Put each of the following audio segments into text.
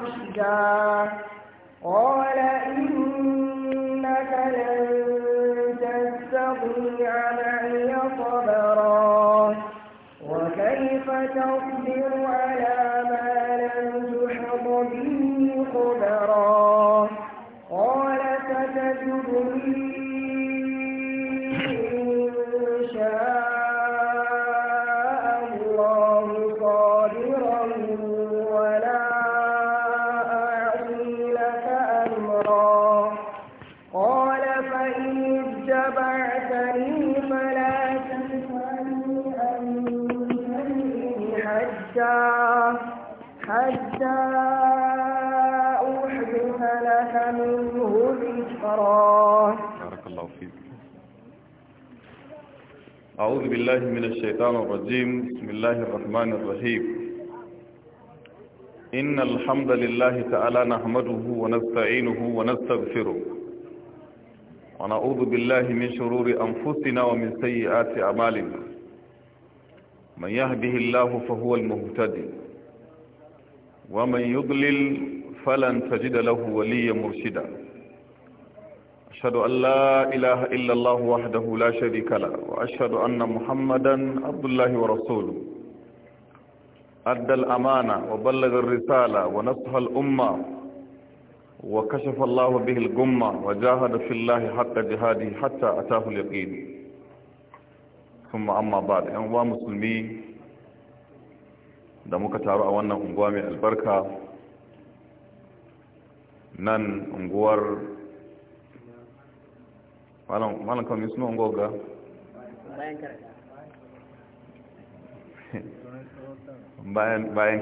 مرشدا بالله من الشيطان الرجيم بسم الله الرحمن الرحيم إن الحمد لله تعالى نحمده ونستعينه ونستغفره ونعوذ بالله من شرور أنفسنا ومن سيئات أعمالنا من يهده الله فهو المهتدي ومن يضلل فلن تجد له وليا مرشدا أشهد أن لا إله إلا الله وحده لا شريك له وأشهد أن محمدا عبد الله ورسوله أدى الأمانة وبلغ الرسالة ونصح الأمة وكشف الله به الغمة وجاهد في الله حتى جهاده حتى أتاه اليقين ثم أما بعد أنواع مسلمين da muka taru a wannan unguwa mai albarka nan unguwar malam bayan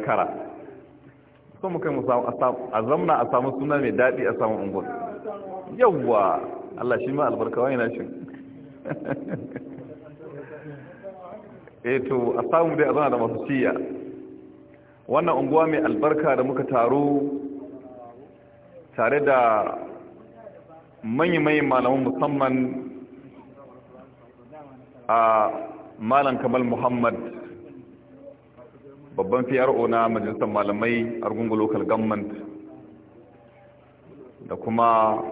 kara so mu kai a zamna a samu suna mai daɗi a samun ungon yawwa Allah shi ma albarka wani nashin eh to a samu dai a zana da masu shiya wannan unguwa mai albarka da muka taru tare da manyan malaman musamman a malam kamal muhammad babban pro na majalisar malamai argungu local government da kuma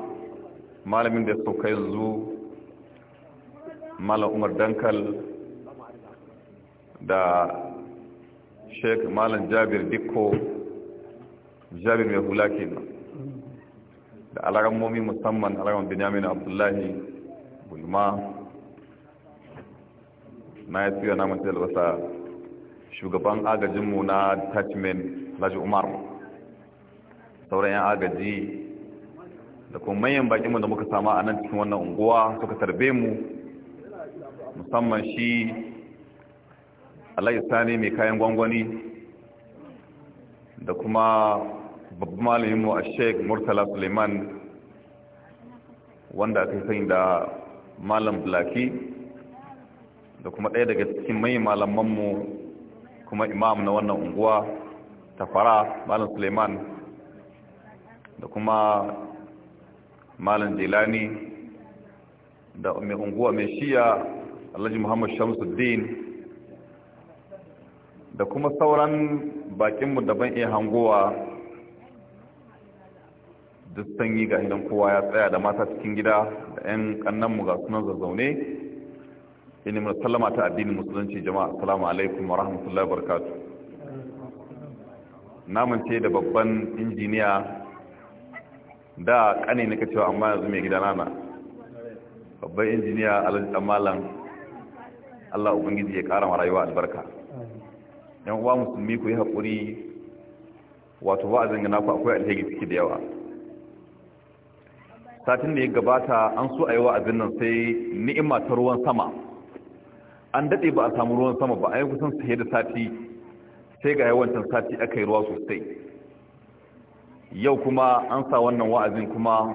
malamin da suka yanzu malam umar dankal da sheik malam jabir dikko jabir mai hula kenan da alarammomi musamman alaran binyamin abdullahi bulma na ya tsira na mace albasa shugaban agajinmu na detachment laji umar sauran yan agaji da kuma manyan bakinmu da muka sama a nan cikin wannan unguwa suka tarbe mu musamman shi alayi sani mai kayan gwangwani da kuma babban malamin mu a sheik murtala suleiman wanda aka sani da malam blaki da kuma ɗaya daga cikin mai malamanmu kuma imam na wannan unguwa ta fara malam suleiman da kuma malam jelani da mai unguwa mai shiya alhaji muhammad shamsuddin da kuma sauran bakinmu daban ban iya hangowa duk sanyi ga idan kowa ya tsaya da mata cikin gida da 'yan mu ga sunan zazzaune mu sallama ta addinin musulunci jama'a assalamu alaikum wa rahmatullahi wa barakatu namun ce da babban injiniya da kane nake cewa amma yanzu mai gidana na babban injiniya alhaji malam Allah ubangiji ya kara rayuwa albarka yan uwa musulmi ku yi haƙuri wato wa'azin ga naku akwai alheri ciki da yawa satin da ya gabata an so a yi wa'azin nan sai ni'ima ta ruwan sama an daɗe ba a samu ruwan sama ba a yi kusan saye da sati sai ga yawancin sati aka yi ruwa sosai yau kuma an sa wannan wa'azin kuma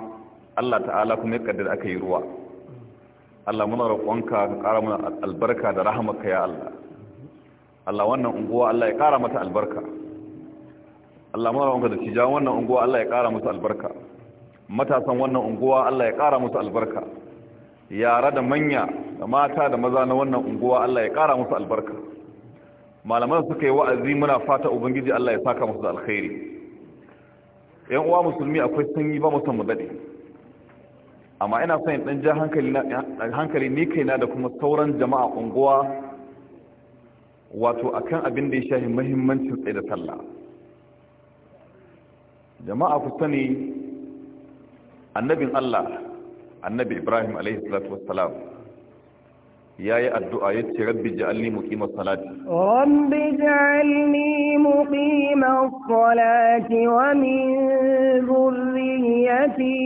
allah ta'ala kuma ya kaddar aka yi ruwa allah muna roƙonka ka ƙara mana albarka da rahamaka ya allah allah wannan unguwa allah ya ƙara mata albarka allah muna roƙonka da cijan wannan unguwa allah ya ƙara mata albarka matasan wannan unguwa Allah ya ƙara musu albarka yara da manya da mata da maza na wannan unguwa Allah ya ƙara musu albarka malaman suka yi wa'azi muna fata ubangiji Allah ya saka musu alkhairi yan uwa musulmi akwai sanyi ba musan mu dade amma ina son dan ja hankali na hankali ni kaina da kuma sauran jama'a unguwa wato akan abin da ya shafi muhimmancin tsaye da sallah jama'a ku sani annabin Allah annabi Ibrahim alaihi salatu wassalam yayi addu'a yace rabbi ja'alni muqimas salati rabbi ja'alni muqimas salati wa min dhurriyyati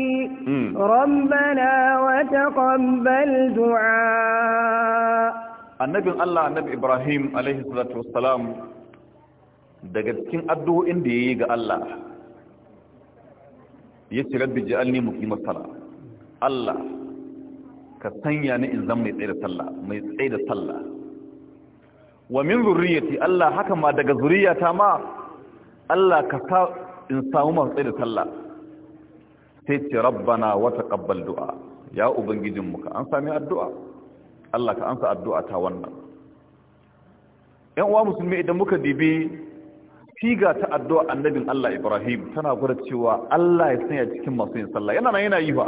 hmm. rabbana wa taqabbal du'a annabin Allah annabi Ibrahim alaihi salatu wassalam daga cikin addu'o'in da yayi ga Allah ya ce rabbi ji'alni muqimar sala Allah ka sanya ni in zama mai tsaye da sallah mai tsaye da sallah wa min zurriyati Allah haka ma daga zuriyata ma Allah ka sa in samu masu tsaye da sallah sai ce rabbana wa taqabbal du'a ya ubangijin mu ka an sami addu'a Allah ka ansa addu'a ta wannan ‘yan uwa musulmi idan muka dibi siga ta addu'a annabin Allah Ibrahim tana gwada cewa Allah ya sanya cikin masu yin sallah yana nan yana yi ba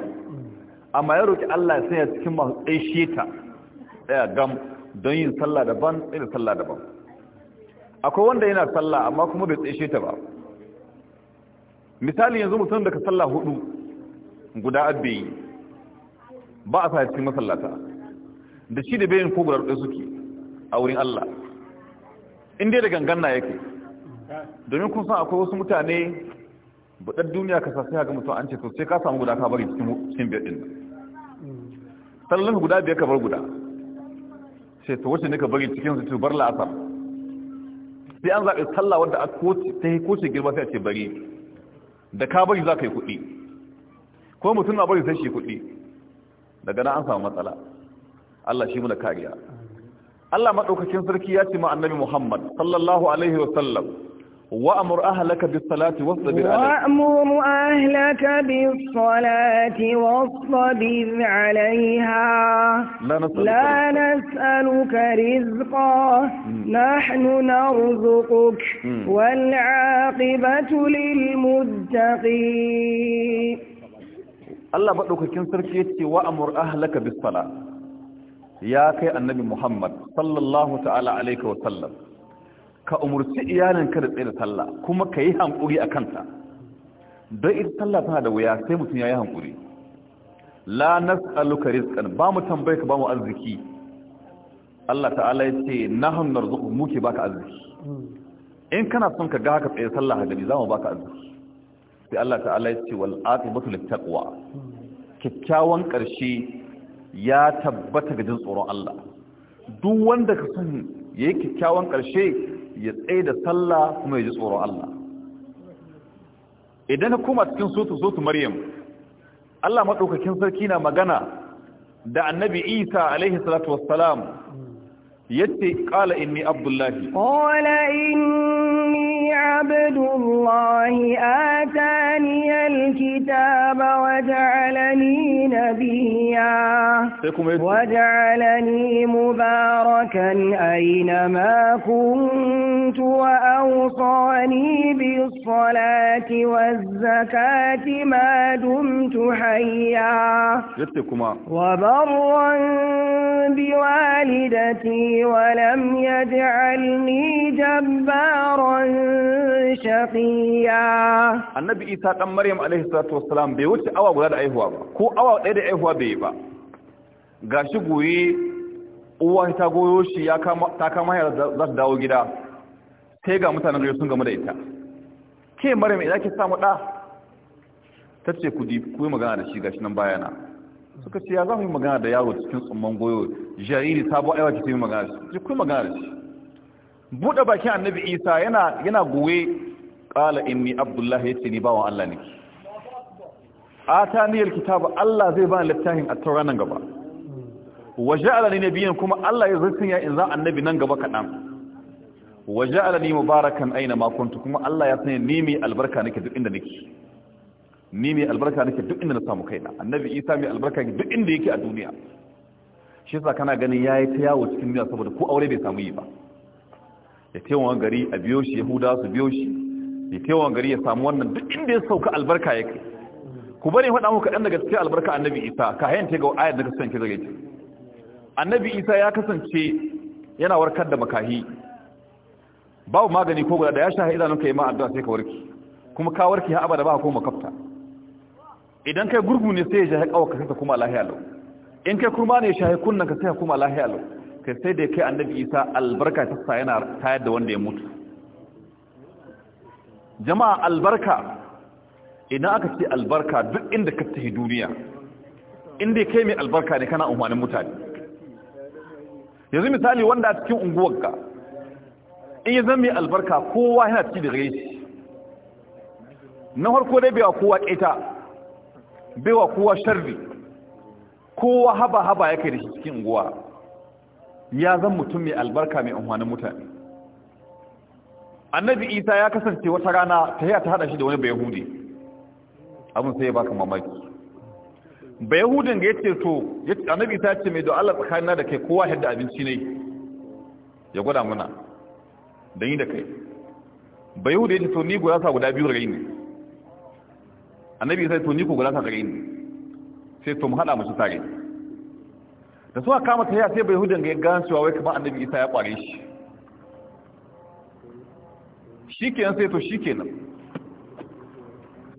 amma ya roki Allah ya sanya cikin masu tsaishe ta ɗaya gam don yin sallah daban ɗaya sallah daban akwai wanda yana sallah amma kuma bai tsaishe ta ba misali yanzu mutum da ka sallah hudu guda abbe yi ba a sa cikin masallata da shi da bayan ko guda suke a wurin Allah in dai da gangan na yake domin kun san akwai wasu mutane buɗar duniya ka sai ga mutum an ce to sai ka samu guda ka bari cikin biyar ɗin sallan guda biyar ka bar guda sai to wacce ne ka bari cikin su bar la'asar sai an zaɓi sallah wadda ta yi ce girma sai a ce bari da ka bari za ka yi kuɗi ko mutum na bari sai shi kuɗi daga na an samu matsala Allah shi muna kariya Allah maɗaukakin sarki ya ce ma annabi Muhammad sallallahu alaihi wa sallam وأمر أهلك بالصلاة واصبر عليها وأمر أهلك بالصلاة واصبر عليها لا نسألك, لا نسألك رزقا نحن نرزقك والعاقبة للمتقين الله بدك كن كيتي وأمر أهلك بالصلاة يا كي النبي محمد صلى الله تعالى عليه وسلم ka umurci iyalinka da tsaye sallah kuma ka yi hankuri a kanta don ita sallah tana da wuya sai mutum ya yi hankuri la nas'aluka rizqan ba mu tambaye ka ba mu arziki Allah ta'ala ya ce nahum narzuqu muke baka arziki in kana son ka ga haka tsaye sallah ga ni zamu baka arziki sai Allah ta'ala ya ce wal aqibatu lit taqwa kikkiawan karshe ya tabbata ga jin tsoron Allah duk wanda ka san yayi kikkiawan karshe ya tsaye da sallah kuma ya ji tsoro Allah idan kuma cikin sotu sotu maryam Allah madaukakin sarki na magana da annabi Isa alaihi salatu wassalam yace qala inni abdullahi qala inni إني عبد الله آتاني الكتاب وجعلني نبيا إيه؟ وجعلني مباركا أينما كنت وأوصاني بالصلاة والزكاة ما دمت حيا وبرا بوالدتي ولم يجعلني جبارا shaqiya annabi isa dan maryam alaihi salatu wassalam bai wuce awa guda da aihuwa ba ko awa ɗaya da aihuwa bai ba gashi goye uwa ta goyo shi ya kama ta kama ya za dawo gida sai ga mutanen gari sun gamu da ita ke maryam idan ki samu da tace ku di ku yi magana da shi gashi nan bayana suka ce ya za mu yi magana da yaro cikin tsumman goyo jariri sabo aiwa ki yi magana da shi ku yi magana da shi buɗe bakin annabi isa yana yana goye ƙala inni abdullahi ya ce ni bawan allah ne ataniyar kitaba allah zai bani littafin a taura nan gaba waje alani na biyan kuma allah ya zartin ya in za annabi nan gaba kaɗan waje alani mubarakan aina makontu kuma allah ya sanya ni mai albarka nake duk inda nake ni mai albarka nake duk inda na samu kaina annabi isa mai albarka duk inda yake a duniya shi yasa kana ganin yayi ta yawo cikin duniya saboda ko aure bai samu yi ba ya taiwa gari a biyo shi yahuda su biyo shi ya taiwa gari ya samu wannan duk inda ya sauka albarka ya kai ku bari faɗa muku kaɗan daga cikin albarka annabi isa ka hayanta ga ayat da kasance zage ta annabi isa ya kasance yana warkar da makahi babu magani ko guda da ya sha idanun kai ma addu'a sai ka warke kuma ka warke har abada ba ko makafta idan kai gurgu ne sai ya shahi ka sai ka kuma lahiya lau in kai kurma ne ya shahi kunnan ka sai ka kuma lahiya lau kai sai da kai annabi isa albarka ta sa yana tayar da wanda ya mutu jama'a albarka idan aka ce albarka duk inda ka tafi duniya inda kai mai albarka ne kana umarnin mutane yanzu misali wanda a cikin unguwarka in yi zan mai albarka kowa yana ciki da gaishi na harko dai baiwa kowa ƙeta baiwa kowa sharri kowa haba-haba ya kai da shi cikin unguwa ya zan mutum mai albarka mai amfanin mutane annabi isa ya kasance wata rana ta yi ta hada shi da wani bayahudi abin sai ya baka mamaki bayahudin ga yace to annabi isa ce mai da Allah tsakanina da kai kowa yadda abinci ne ya gwada muna da yi da kai bayahudi ce to ni sa guda biyu rai ne annabi isa to ni ko sa rai ne? sai to mu hada mu ci tare da suka kama ta sai bai hudun ga gano cewa wai kamar annabi isa ya kware shi shikenan sai to shikenan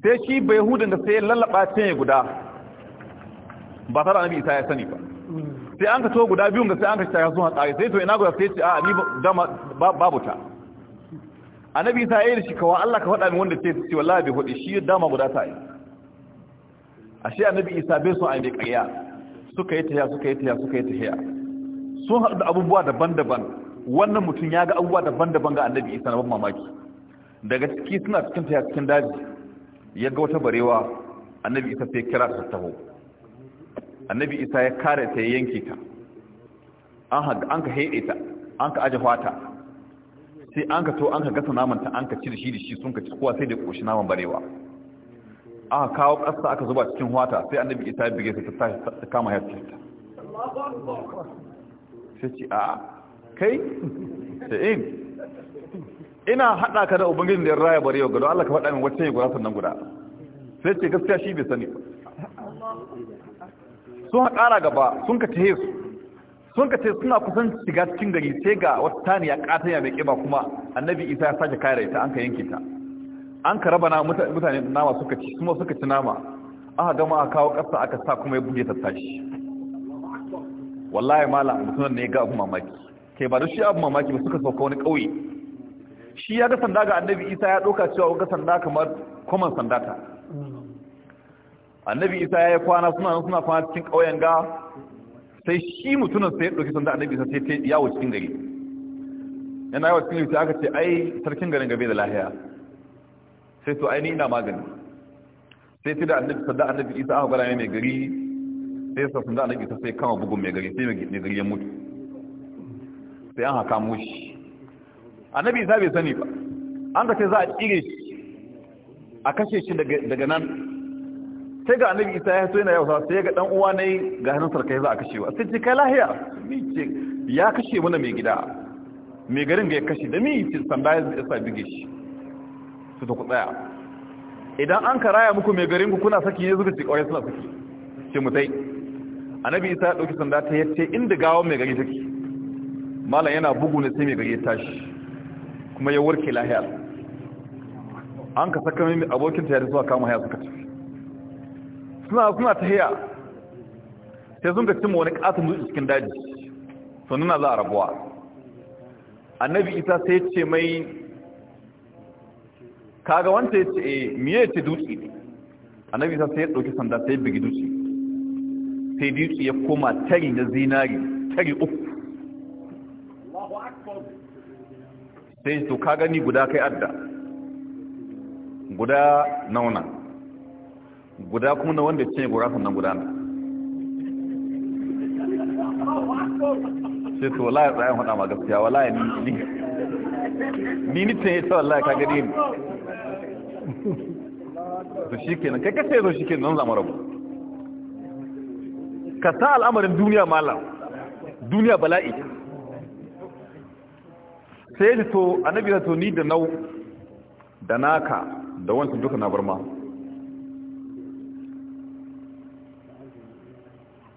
sai shi bai hudun da sai lallaba can ya guda ba tare annabi isa ya sani ba sai an ka to guda biyun ga sai an ka ta a tsare sai to ina guda sai ce a ni babu ta annabi isa ya yi shi kawai Allah ka faɗa min wanda ce ce wallahi bai hudi shi dama guda ta yi ashe annabi isa bai so a yi ƙarya suka yi tahiya suka yi tahiya suka yi tahiya sun haɗu da abubuwa daban-daban wannan mutum ya ga abubuwa daban-daban ga annabi isa na ban mamaki daga ciki suna cikin tahiya cikin daji ya ga wata barewa annabi isa sai kira ta taho annabi isa ya kare ta yanke ta an ka haɗe ta an ka aje fata sai an ka to an ka gasa namanta an ka ci da shi da shi sun ka ci kowa sai da ƙoshi naman barewa aka kawo ƙasa aka zuba cikin wata sai annabi isa ya bige ta ta kama ya ta sai ce a kai da in ina haɗa ka da ubangijin da ya raya bari yau gado Allah ka faɗa min wacce ya gura nan guda sai ce gaskiya shi bai sani sun haƙara gaba sun ka tehe su sun ka tehe suna kusan shiga cikin gari sai ga wata taniya ƙatanya mai ƙiba kuma annabi isa ya sake kare ta an ka yanke ta an ka raba mutane nama suka ci kuma suka ci nama aka gama a kawo ƙasa aka sa kuma ya buge tattashi wallahi mala mutunan ne ya ga abu mamaki kai ba da shi abu mamaki ba suka sauka wani ƙauye shi ya ga sanda ga annabi isa ya ɗauka cewa ga sanda kamar kwaman sanda ta annabi isa ya yi kwana suna suna kwana cikin ƙauyen ga sai shi mutunan sai ya ɗauki sanda annabi isa sai yawo cikin gari yana yawo cikin gari sai aka ce ai sarkin garin gabe da lahiya sai to aini ina magani sai tida annabi sadda annabi isa aka gwada mai gari sai sa sun da annabi isa sai kama bugun mai gari sai mai gari ya mutu sai an haka mushi annabi isa bai sani ba an ka ce za a tsire shi a kashe shi daga nan sai ga annabi isa ya so na yau sai ga dan uwa ne ga hannun sarkai za a kashewa sai ce kai lahiya ya kashe mana mai gida mai garin ga ya kashe da mi sanda ya sa bige shi su ta ku tsaya idan an karaya muku mai garin ku kuna saki ne suka cikin suna saki ce mutai annabi isa ya dauki sanda ta yace inda gawon mai gari take malam yana bugu ne sai mai gari ya tashi kuma ya warke lahiya an ka saka mai abokin ta ya zuwa kama haya suka tafi suna suna ta haya sai sun ka cimma wani katon zuci cikin daji sannan za a rabuwa annabi isa sai ce mai kaga wanda ya ce eh, mi ya ce dutse ne annabi sa sai ya dauki sanda sai ya bugi dutse sai dutse ya koma tari na zinari tari uku sai to ka gani guda kai adda guda nauna guda kuma na wanda ce gura sannan guda na sai to wallahi tsayan hada ma Wala ya ni ni ni ni ce sai wallahi ka gani to shi kenan kai kace zo shi kenan za mu rabu ka sa al'amarin duniya malam duniya bala'i sai ji to annabi to ni da nau da naka da wancan duka na barma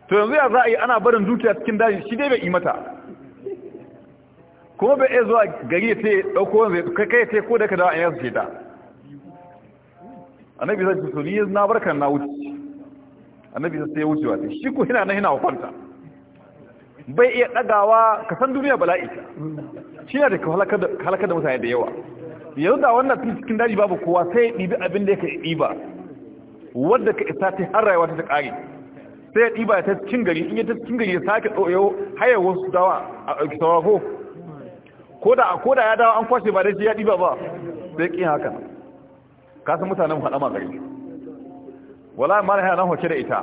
to yanzu ya za a yi ana barin dukiya cikin daji shi dai bai yi mata kuma bai iya zuwa gari ya ce ɗauko wanzu kai ya ce ko da ka dawa an yasa ce ta annabi zai to ni na barka na wuce annabi sai ya wuce wata shi ko yana nan yana kwanta bai iya dagawa ka san duniya bala'i shi yana da halakar da mutane da yawa yanzu da wannan cikin daji babu kowa sai ɗibi abin da ya ka ɗiba wadda ka isa ta har rayuwa ta ƙare sai ya ɗiba ya ta cikin gari in ya ta cikin gari ya sake tsoyo hayar wasu dawa a ɗauki sawa ko da ya dawa an kwashe ba dai ya ɗiba ba sai ƙin haka ka san mutanen faɗa ma gari wallahi mallai yana hoce da ita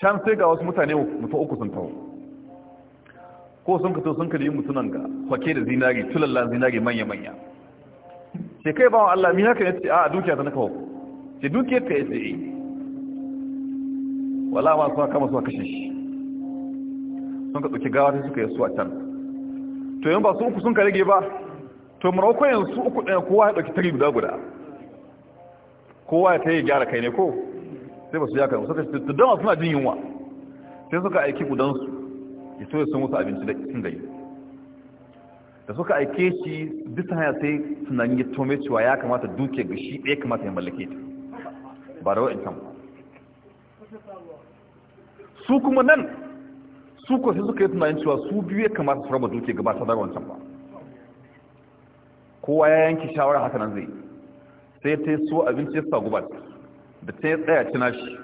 can sai ga wasu mutane mutum uku sun taho ko sun ka to sun ka yi mutunan ga hoce da zinari tulalla zinari manya manya sai kai ba Allah mi haka yace a dukiya ta naka hoku sai dukiya ta yace Wala eh. wallahi ma suka kama suka kashe shi sun ka tsoki gawa suka yi su a can to yan ba su uku sun ka rage ba to maroko yanzu uku ɗaya kowa ya dauki tari guda guda kowa ya tayi gyara kai ne ko sai ba su yaka suka ce to dama suna jin yunwa sai suka aiki gudansu ya so ya sun wasu abinci da sun gai da suka aike shi bisa haya sai tunanin ya tome cewa ya kamata duke ga shi ɗaya kamata ya mallake ta ba da wa'in ba su kuma nan su ko sai suka yi tunanin cewa su biyu ya kamata su raba duke gaba ta wancan ba kowa ya yanki shawara haka nan zai sai ta so abinci ya sa guba da ta yi tsaya cina shi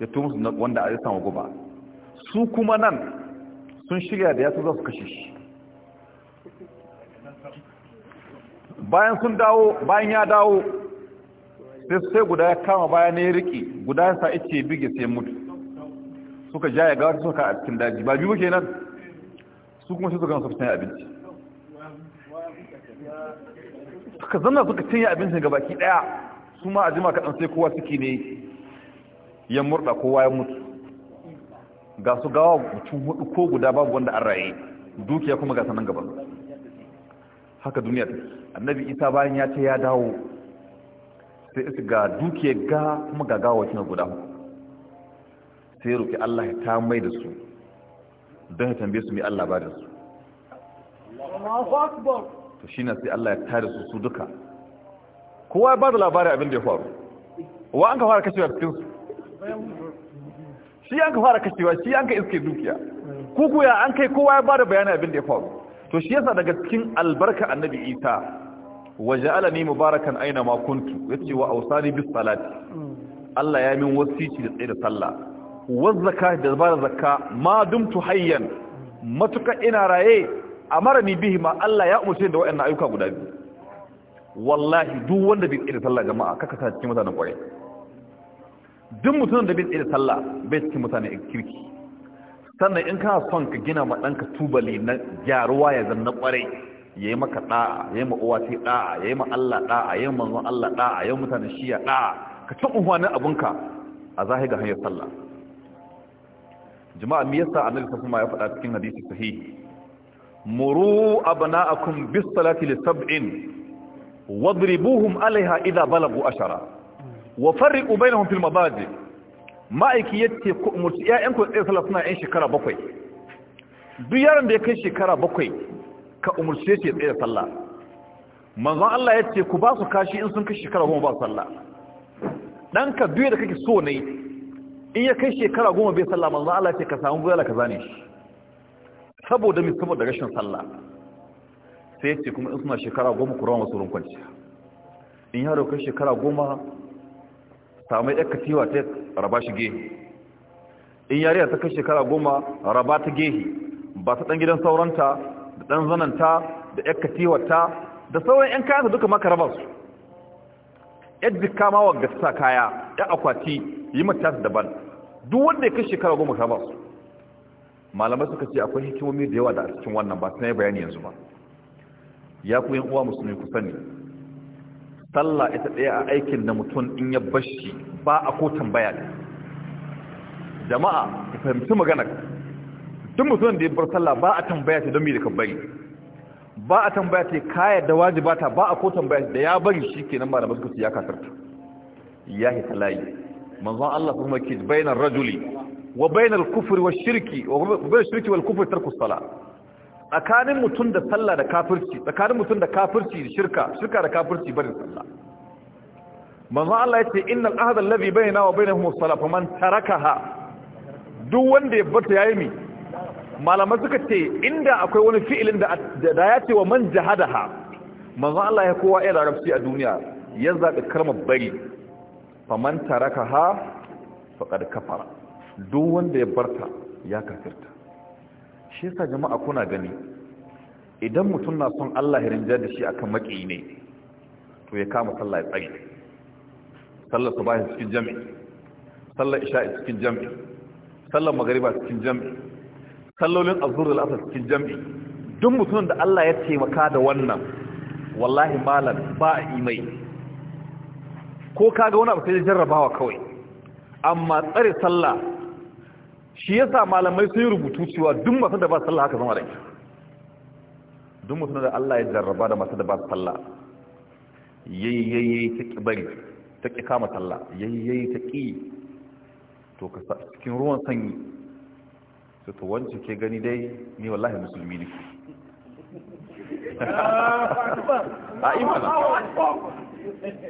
ya musu wanda a yi sama guba su kuma nan sun shirya da ya za su kashe shi bayan sun dawo bayan ya dawo sai sai guda ya kama bayan ya riƙe guda ya sa ice bige sai mutu suka ja ya gawar suka a cikin daji ba biyu kenan su kuma sai suka gama su fitan abinci suka zanna suka cinye abincin gabaki daya su ma a jima kaɗan sai kowa suke ne ya murɗa kowa ya mutu ga su gawa mutum hudu ko guda babu wanda an raye dukiya kuma ga sanan gaban haka duniya ta annabi isa bayan ya ce ya dawo sai isa ga dukiya ga kuma ga gawa kina guda sai roki Allah ya ta mai da su don ya tambaye su mai Allah ba da su Allahu Akbar to shi na sai Allah ya tare su su duka kowa ba da labarin abin da ya faru wa an ka fara kashewa cikin su shi an ka fara kashewa shi an ka iske dukiya kuku ya an kai kowa ya ba da bayanin abin da ya faru to shi yasa daga cikin albarka annabi isa wa ja'alani mubarakan aina ma kuntu yace wa awsani bis salati Allah ya min wasici da tsaye da sallah wa zakka da zaba zakka ma dumtu hayyan matuka ina raye ni bihi ma Allah ya umarce da wayannan ayyuka guda biyu wallahi duk wanda bai tsira sallah jama'a kaka sa cikin mutanen kwarai duk mutumin da bai tsira sallah bai cikin mutanen kirki sannan in kana son ka gina ma danka tubali na gyaruwa ya zanna kwarai yayi maka da'a yayi ma uwa sai da'a yayi ma Allah da'a yayi manzon Allah da'a yayi mutanen shiya da'a ka ci unhwanin abunka a zahiga hanyar sallah jama'a me yasa annabi sallallahu alaihi wasallam ya faɗa cikin hadisi sahihi muru abna'akum bis salati li sab'in wadribuhum 'alayha idha balagu ashara wa farriqu bainahum fil mabadi ma'aiki yace ku umurci ƴaƴan ku tsaye sallah suna ƴan shekara bakwai duk yaron da ya kai shekara bakwai ka umurce shi tsaye sallah manzon Allah yace ku ba su kashi in sun kai shekara goma ba sallah Dan ka duk da kake so ne in ya kai shekara goma bai sallah manzon Allah yace ka samu bulala ka zane shi saboda mai saboda rashin sallah sai ce kuma in suna shekara goma ku rawa masu runkwanciya in yaro kai shekara goma samai ɗaka tiwa ta raba shi gehe in yariya ta kai shekara goma raba ta gehe ba ta ɗan gidan sauranta da ɗan zananta da ɗaka ta da sauran 'yan kayan duka maka raba su yadda kama wa gasa kaya ‘yan akwati yi mata daban duk wanda ya kai shekara goma ka ba su malamai suka ce akwai hikimomi da yawa da cikin wannan ba su yi bayani yanzu ba ya ku yin uwa musulmi ku sani sallah ita ɗaya a aikin da mutum in ya bashi ba a ko tambaya ne jama'a ku fahimci magana duk mutum da ya bar sallah ba a tambaya ta don me da ka bari ba a tambaya ta kaya da wajibata ba a ko tambaya da ya bari shi kenan malamai suka ce ya kasarta ya hita manzon Allah kuma ke bayanan rajuli wa bainal kufri wa shirki wa bainal shirki wal kufri tarku salat tsakanin mutum da sallah da kafirci tsakanin mutum da kafirci shirka shirka da kafirci barin sallah manzo Allah yace innal ahda alladhi bainana wa bainahum as-salah faman tarakaha duk wanda ya bata yayi mi malama suka ce inda akwai wani fi'ilin da da ya ce wa man jahadaha manzo Allah ya kowa iya larabci a duniya ya zaɓi kalma bari faman duk wanda ya barta ya kafirta shi yasa jama'a kuna gani idan mutum na son Allah ya rinja da shi akan maki ne to ya kama sallah ya tsage sallar subahi cikin jami'i sallar isha'i cikin jami'i sallar magariba cikin jami'i sallolin azhur da asr cikin jami'i duk mutum da Allah ya taimaka da wannan wallahi malam ba imai ko kaga wani abu sai jarrabawa kawai amma tsare sallah shi ya sa malamai sun rubutu cewa duk masu da ba su sallah haka zama da ke duk masu da Allah ya jarraba da masu da ba su sallah yayyayi ta kibari ta ki kama sallah yayyayi ta ki to ka sa cikin ruwan sanyi su to wance ke gani dai ni wallahi musulmi ne a imana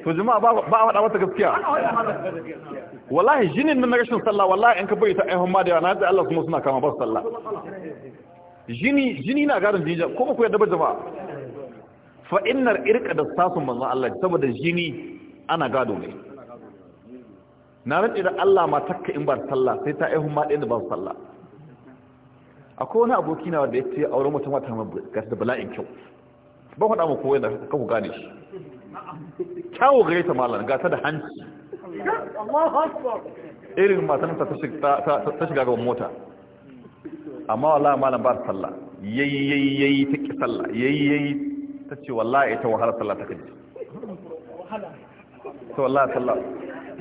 to jama'a ba a faɗa mata gaskiya wallahi jinin nan na rashin sallah wallahi in ka bari ta aihon ma da yana zai Allah kuma suna kama ba sallah jini jini na garin jinja ko ba ku yadda ba jama'a fa innar irka da sasun manzon Allah saboda jini ana gado ne na rantsi da Allah ma takka in ba sallah sai ta aihon ma ɗaya da ba sallah akwai wani aboki na wanda ya ce auren mutum wata mai da bala'in kyau ban da mu koyar da ku gane shi kyawo gare ta malar gata da hanci irin matan ta shiga gaban mota amma wallah malam ba salla. yayi yayi ta ki yayi yayi ta ce wallahi ita wahala salla ta kaji ta wallahi salla.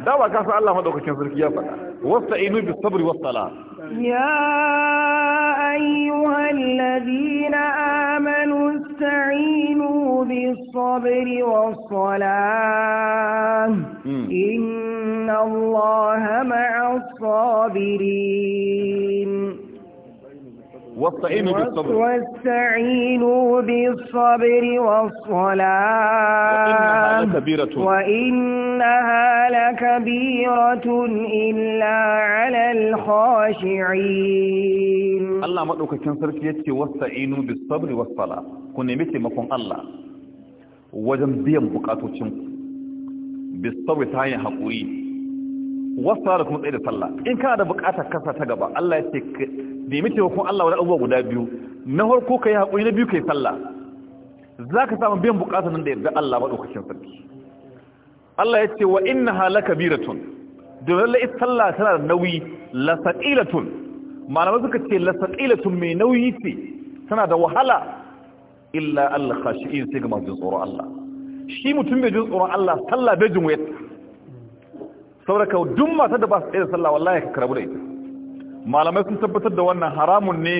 da ba ka san Allah madaukakin sarki ya faɗa wasta'inu bis sabri was sala ya ayyuhal ladina amanu ista'inu بالصبر والصلاة إن الله مع الصابرين واستعينوا بالصبر واستعينوا بالصبر والصلاة وإنها لكبيرة وإنها لكبيرة إلا على الخاشعين الله مدوكتين سركي يتي واستعينوا بالصبر والصلاة كن نمتي مكون الله wajen biyan bukatocinku bisawi ta hanyar haƙuri wasu da kuma tsaye da sallah in kana da bukatar kasa ta gaba Allah ya ce nemi taimakon Allah wani abubuwa guda biyu na farko ka yi haƙuri na biyu ka yi sallah za ka samu biyan bukatar nan da yadda Allah maɗaukakin sarki Allah ya ce wa inna halaka biratun domin la'is sallah tana da nauyi lasaƙilatun malamai suka ce lasaƙilatun mai nauyi ce tana da wahala illa Allah khashi'in sai ga masu tsoron Allah shi mutum bai jin tsoron Allah sallah bai jin wayar sauraka duk mata da ba su tsaye da sallah wallahi ka karabu da ita malamai sun tabbatar da wannan haramun ne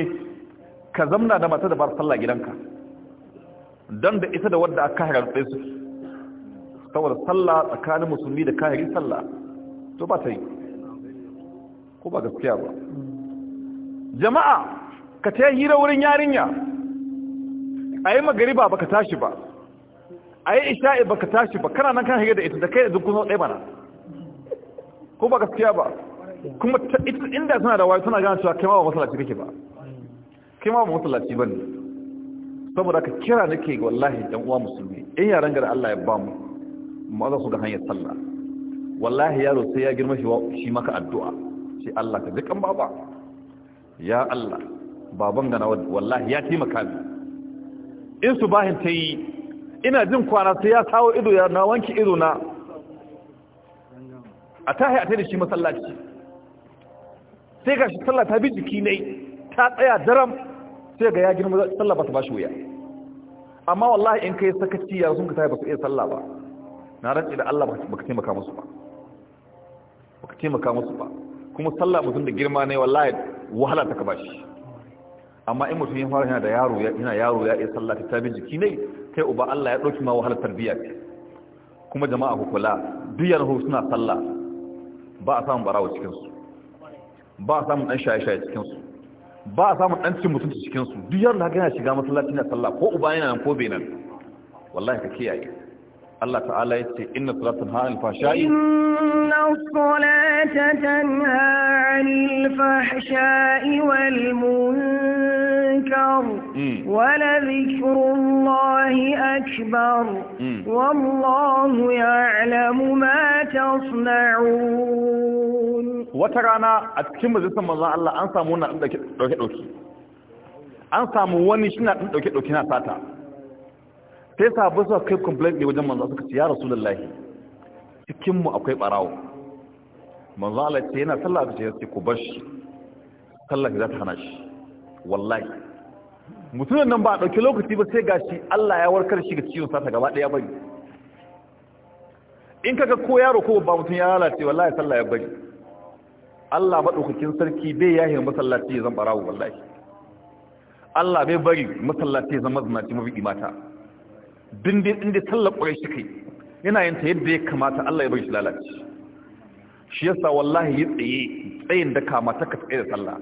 ka zamna da mata da ba su sallah gidanka don da ita da wadda aka harar tsaye su saboda sallah tsakanin musulmi da kahiri sallah to ba ta yi ko ba gaskiya ba jama'a ka ta hira wurin yarinya a yi magariba baka tashi ba a yi isha'i baka tashi ba kana nan kan hanyar da ita da kai yanzu kusan ɗaya mana ko ba gaskiya ba kuma inda suna da wayo suna gane cewa kai ma ba masallaci nake ba kai ma ba masallaci ne, saboda ka kira nake wallahi dan uwa musulmi in yaran gara Allah ya ba mu mu za su ga hanyar sallah wallahi yaro sai ya girma shi maka addu'a sai Allah ka dukan baba ya Allah baban gana wallahi ya taimaka min in su bahin ta yi ina jin kwana sai ya kawo ido ya na wanki ido na a tahi a da shi masallaci sai ga shi tsalla ta bi jiki ne ta tsaya daram sai ga ya girma sallah ba ta ba shi wuya amma wallahi in kai sakaci ya sun ka tahi ba su iya sallah ba na rantsi da Allah ba ka taimaka musu ba ba ka taimaka musu ba kuma tsalla mutum da girma ne wallahi wahala ta ka ba shi amma in mutum ya fara yana da yaro yana yaro ya iya sallah ta bi jiki ne kai uba Allah ya dauki ma wahalar tarbiyya kuma jama'a ku kula duyar hu suna sallah ba a samun barawa cikin su ba a samun dan shaye-shaye cikin su ba a samun dan cikin mutunci cikin su duk yaron haka yana shiga masallaci na sallah ko uba yana nan ko bai nan wallahi ka kiyaye Allah ta'ala ya ce inna salata tanha anil fahsha'i inna salata tanha anil fahsha'i wal munkar ولذكر الله أكبر والله يعلم ما تصنعون وترانا أتكلم بزيسا من الله الله أنسى مونا ɗauke ɗauki an samu wani shina ɗin ɗauke ɗauki na sata sai sabu suka kai complaint ne wajen manzo suka ce ya rasulullahi cikin mu akwai barawo manzo Allah ce yana sallah da ce ku bar shi sallah za ta hana shi wallahi mutumin nan ba a ɗauki lokaci ba sai gashi Allah ya warkar shi ga ciwon sata gaba ɗaya bari in kaga ko yaro ko ba mutum ya lalace wallahi sallah ya bari Allah maɗaukakin sarki bai yahi masallaci ya zan barawo wallahi Allah bai bari masallaci ya zama zanaci mafi mata dindin inda sallar ƙwarai shi kai yana yin ta yadda ya kamata Allah ya bari shi lalace shi yasa wallahi ya tsaye tsayin da ta ka tsaye da sallah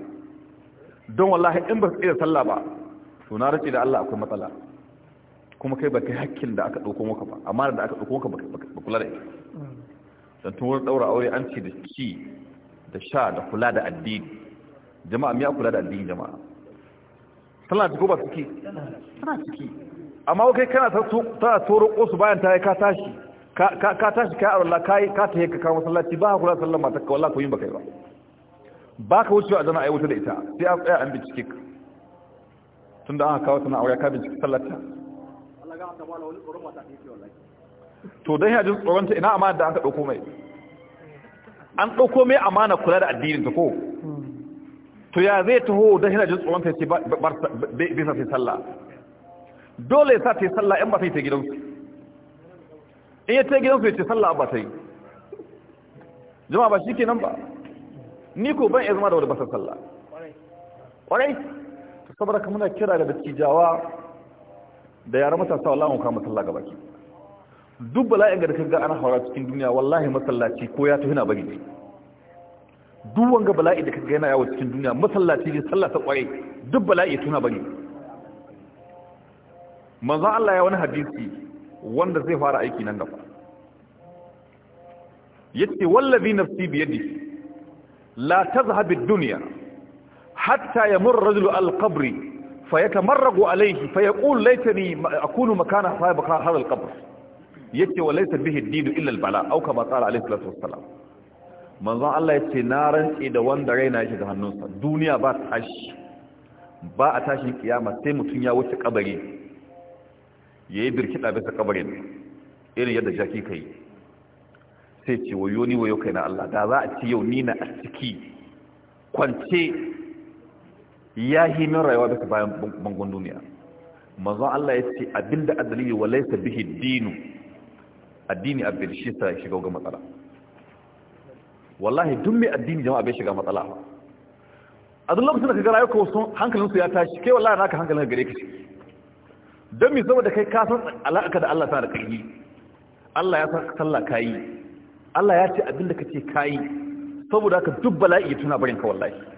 don wallahi in ba tsaye da sallah ba to na race da Allah akwai matsala kuma kai ba kai hakkin da aka ɗauko maka ba amma da aka ɗauko maka ba kula da ita don tun wurin ɗaura aure an ce da ci da sha da kula da addini jama'a miya kula da addini jama'a tana ciki ba ciki tana ciki amma kai kana ta tsoron ƙosu bayan ta yi ka tashi ka tashi ka yi Allah ka yi ka ta yi ka kawo masallaci ba ka kula da sallan matakka wallah ko yin ba kai ba ba ka wucewa a zama a yi wuta da ita sai a tsaya an bi cike ka tunda aka kawo tana aure ka binciki sallarta to dai ya ji ta ina amana da aka dauko mai an ɗauko mai amana kula da addinin ta ko to ya zai taho don yana ji tsoron ya ce bai sa sai sallah dole ya sa ta yi sallah in ba ta yi ta gidansu in ya ta gidansu ya ce sallah ba ta yi jama'a ba shi ke nan ba ni ko ban ya zama da wani basar sallah ƙwarai saboda ka muna kira da dattijawa da yara matasa wallahi mun kama ga gabaki duk bala'in da ga ana haura cikin duniya wallahi masallaci ko ya tafi na bari ne duk wanga bala'i da kaga yana yawo cikin duniya masallaci ne sallah ta kware duk bala'i ya tuna bari manzo Allah ya wani hadisi wanda zai fara aiki nan gaba yace wallazi nafsi biyadi la tazhabu ad-dunya hatta yamur rajulu al-qabri fa yatamarragu alayhi fa yaqulu a akunu makana sahib hadha al-qabr yace wa laysa bihi ad-din bala auka kama qala alayhi salatu wassalam manzon Allah yace na rantse da wanda raina yake ga hannunsa duniya ba ta tashi ba a tashin kiyama sai mutum ya wuce kabari yayi birkida bisa kabarin irin yadda jaki kai sai ce wayo ni wayo kai na Allah da za a ci yau ni na a ciki kwance ya yi min rayuwa daga bayan bangon duniya manzon Allah ya ce abinda adalili wa laysa bihi dinu addini abin shi ta shiga ga matsala wallahi duk mai addini jama'a bai shiga matsala a duk lokacin da ka ga rayuka wasu hankalin su ya tashi kai wallahi naka hankalin ka gare ka don mi saboda kai ka san alaka da Allah sana da kai Allah ya san sallah kai Allah ya ce abinda kace kai saboda ka duk bala'i tuna barin ka wallahi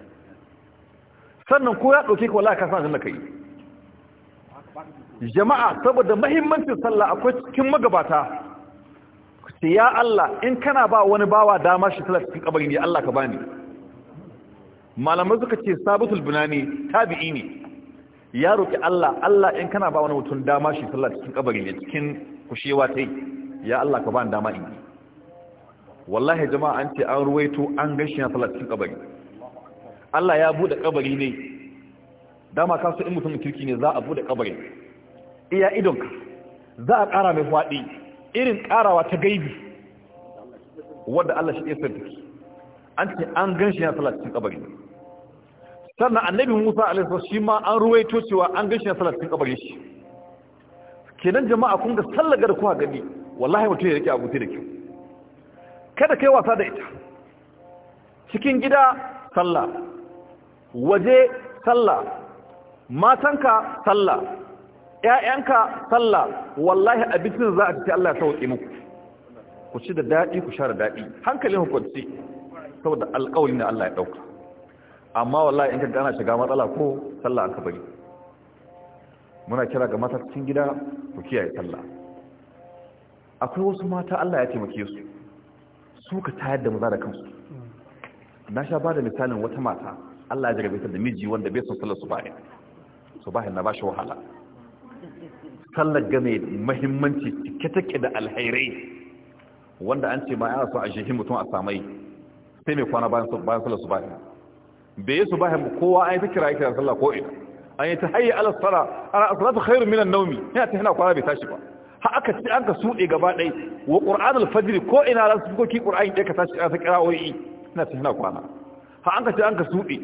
sannan ko ya ɗauke ka wallahi ka san ka yi jama'a saboda mahimmancin sallah akwai cikin magabata ce ya Allah in kana ba wani bawa dama shi sallah cikin kabari ne Allah ka bani malamai suka ce sabitul binani tabi'i ne ya roki Allah Allah in kana ba wani mutum dama shi sallah cikin kabari ne cikin kushewa tai ya Allah ka bani dama in wallahi jama'a an ce an ruwaito an gashi na sallah cikin kabari Allah ya buɗe kabari ne dama ka su in mutum kirki ne za a buɗe kabari iya idonka za a ƙara mai faɗi irin ƙarawa ta gaibi wadda Allah shi ƙesar take an ce an gan shi yana cikin kabari sannan annabi Musa alaihi shi ma an ruwaito cewa an gan shi yana sallah cikin kabari shi kenan jama'a kun ga sallaga da gani wallahi mutum ya rike abu da kyau kada kai wasa da ita cikin gida sallah waje sallah matanka sallah ƴaƴanka sallah wallahi abincin za a ci Allah ya sauke muku ku ci da daɗi ku share daɗi hankalin hukunci saboda alƙawari ne Allah ya ɗauka amma wallahi in ka gana shiga matsala ko sallah an ka bari muna kira ga mata cikin gida ku kiyaye sallah akwai wasu mata Allah ya taimake su Su suka tayar da maza da kansu na sha ba da misalin wata mata Allah ya jarabe ta da miji wanda bai son sallar subahin subahin na bashi wahala sallar game muhimmanci cike take da alhairai wanda an ce ma yana so a shehin mutum a samai sai mai kwana bayan sallar subahin bai yi subahin kowa an yi ta kira kira da ko ina an yi ta hayya ala sala ana asalatu khairun minan naumi yana ta hina kwana bai tashi ba har aka ci an ka suɗe gaba ɗai wa ƙur'an alfajiri ko ina ran sukoki ƙur'an ya ka tashi a ƙira'o'i ina ta hina kwana ha an ka ce an ka suɗe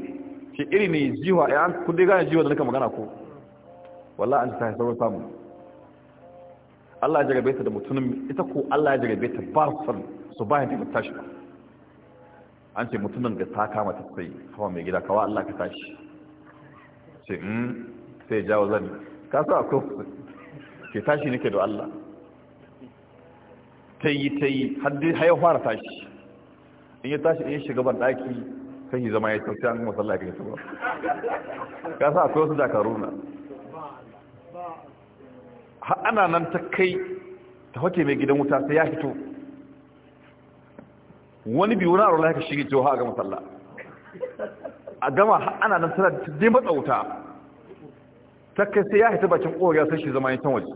shi iri ne jiwa ya an kun dai gane jiwa da nika magana ko wallah an ta sauran samu Allah ya jarabe ta da mutumin ita ko Allah ya jarabe ta ba san su ba ya ta tashi an ce mutumin da ta kama ta sai hawa mai gida kawai Allah ka tashi ce in hmm, sai jawo zani ka sa ko ke tashi nake da Allah ta yi ta yi har dai haya fara tashi in ya tashi in ya shiga ban daki kan yi zama ya kyauta an masalla Ya yi ba ka sa akwai wasu dakaru na ana nan ta kai ta hoke mai gidan wuta sai ya fito wani biyu na ya ka shiga jiwa a ga masalla a gama ana nan tana da dai matsa wuta ta kai sai ya fito bakin ƙoriya sai shi zama ya can waje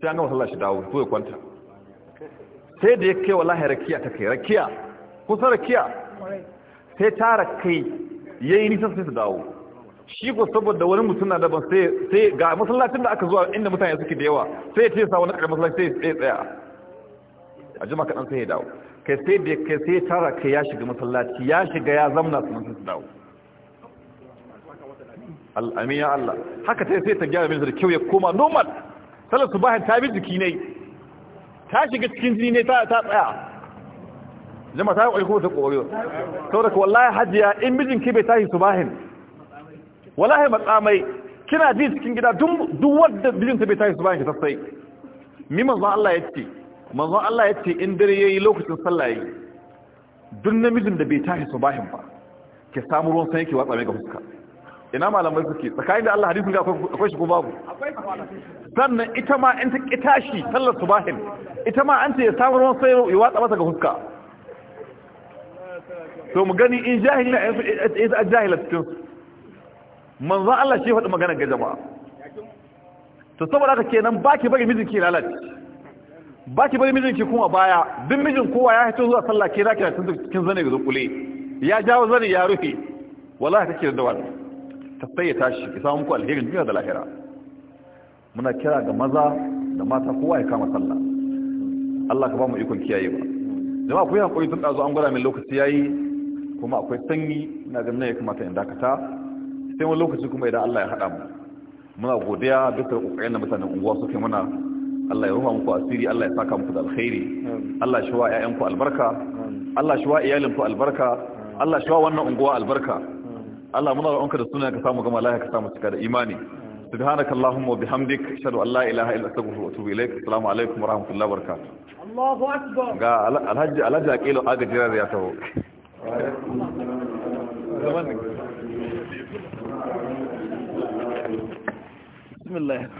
sai an gama sallah shi dawo to ya kwanta sai da ya kai wa lahi rakiya ta kai rakiya kusan rakiya sai tara kai ya yi nisan sai su dawo shi ko saboda wani mutum na daban sai ga masallacin da aka zuwa inda mutane suke da yawa sai ya tesa wani karfi masallaci sai ya tsaya a jima kaɗan sai ya dawo kai sai da kai sai tara kai ya shiga masallaci ya shiga ya zamna su sun dawo al'amin ya Allah haka sai sai ta gyara min da kyau ya koma normal salar bahin ta bi jiki ne ta shiga cikin jini ne ta tsaya jama'a ta kokari kuma ta kokari saboda ko wallahi hajiya in mijin ki bai tahi subahin wallahi matsamai kina ji cikin gida duk wadda mijin ta bai su subahin ki sassai mi manzo Allah ya ce manzo Allah ya ce in dare yayi lokacin sallah yayi duk namijin da bai tahi su ba ki samu ruwan sanyi ke watsa mai ga fuska ina malamai suke tsakanin da Allah hadisin ga akwai shi ko babu sannan ita ma in ta kitashi sallar subahin ita ma an ce ya samu ruwan sanyi ya watsa masa ga fuska to mu gani in jahili na yanzu a jahila cikin manzan Allah shi faɗi maganar ga jama'a to saboda haka kenan baki bari mijinki lalace baki bari mijinki kuma baya duk mijin kowa ya hito zuwa sallah ke zaki tun cikin zane ga zukule ya jawo zane ya rufe wallahi take da dawa ta tsaye tashi ki samu ku alherin duniya da lahira muna kira ga maza da mata kowa ya kama sallah Allah ka ba mu ikon kiyaye ba jama'a ku yi hakuri tun ɗazu an gwada min lokaci yayi kuma akwai sanyi na ganin ya kamata in dakata sai wani lokaci kuma idan Allah ya haɗa mu muna godiya duka ƙoƙarin da mutanen unguwa suke mana Allah ya rufa muku asiri Allah ya saka muku da alkhairi Allah shi wa ku albarka Allah shi wa iyalinku albarka Allah shi wa wannan unguwa albarka Allah muna roƙonka da sunan ka samu gama lafiya ka samu cika da imani سبحانك اللهم وبحمدك اشهد ان لا اله الا انت واتوب اليك السلام عليكم ورحمه الله وبركاته الله اكبر aga jira بسم الله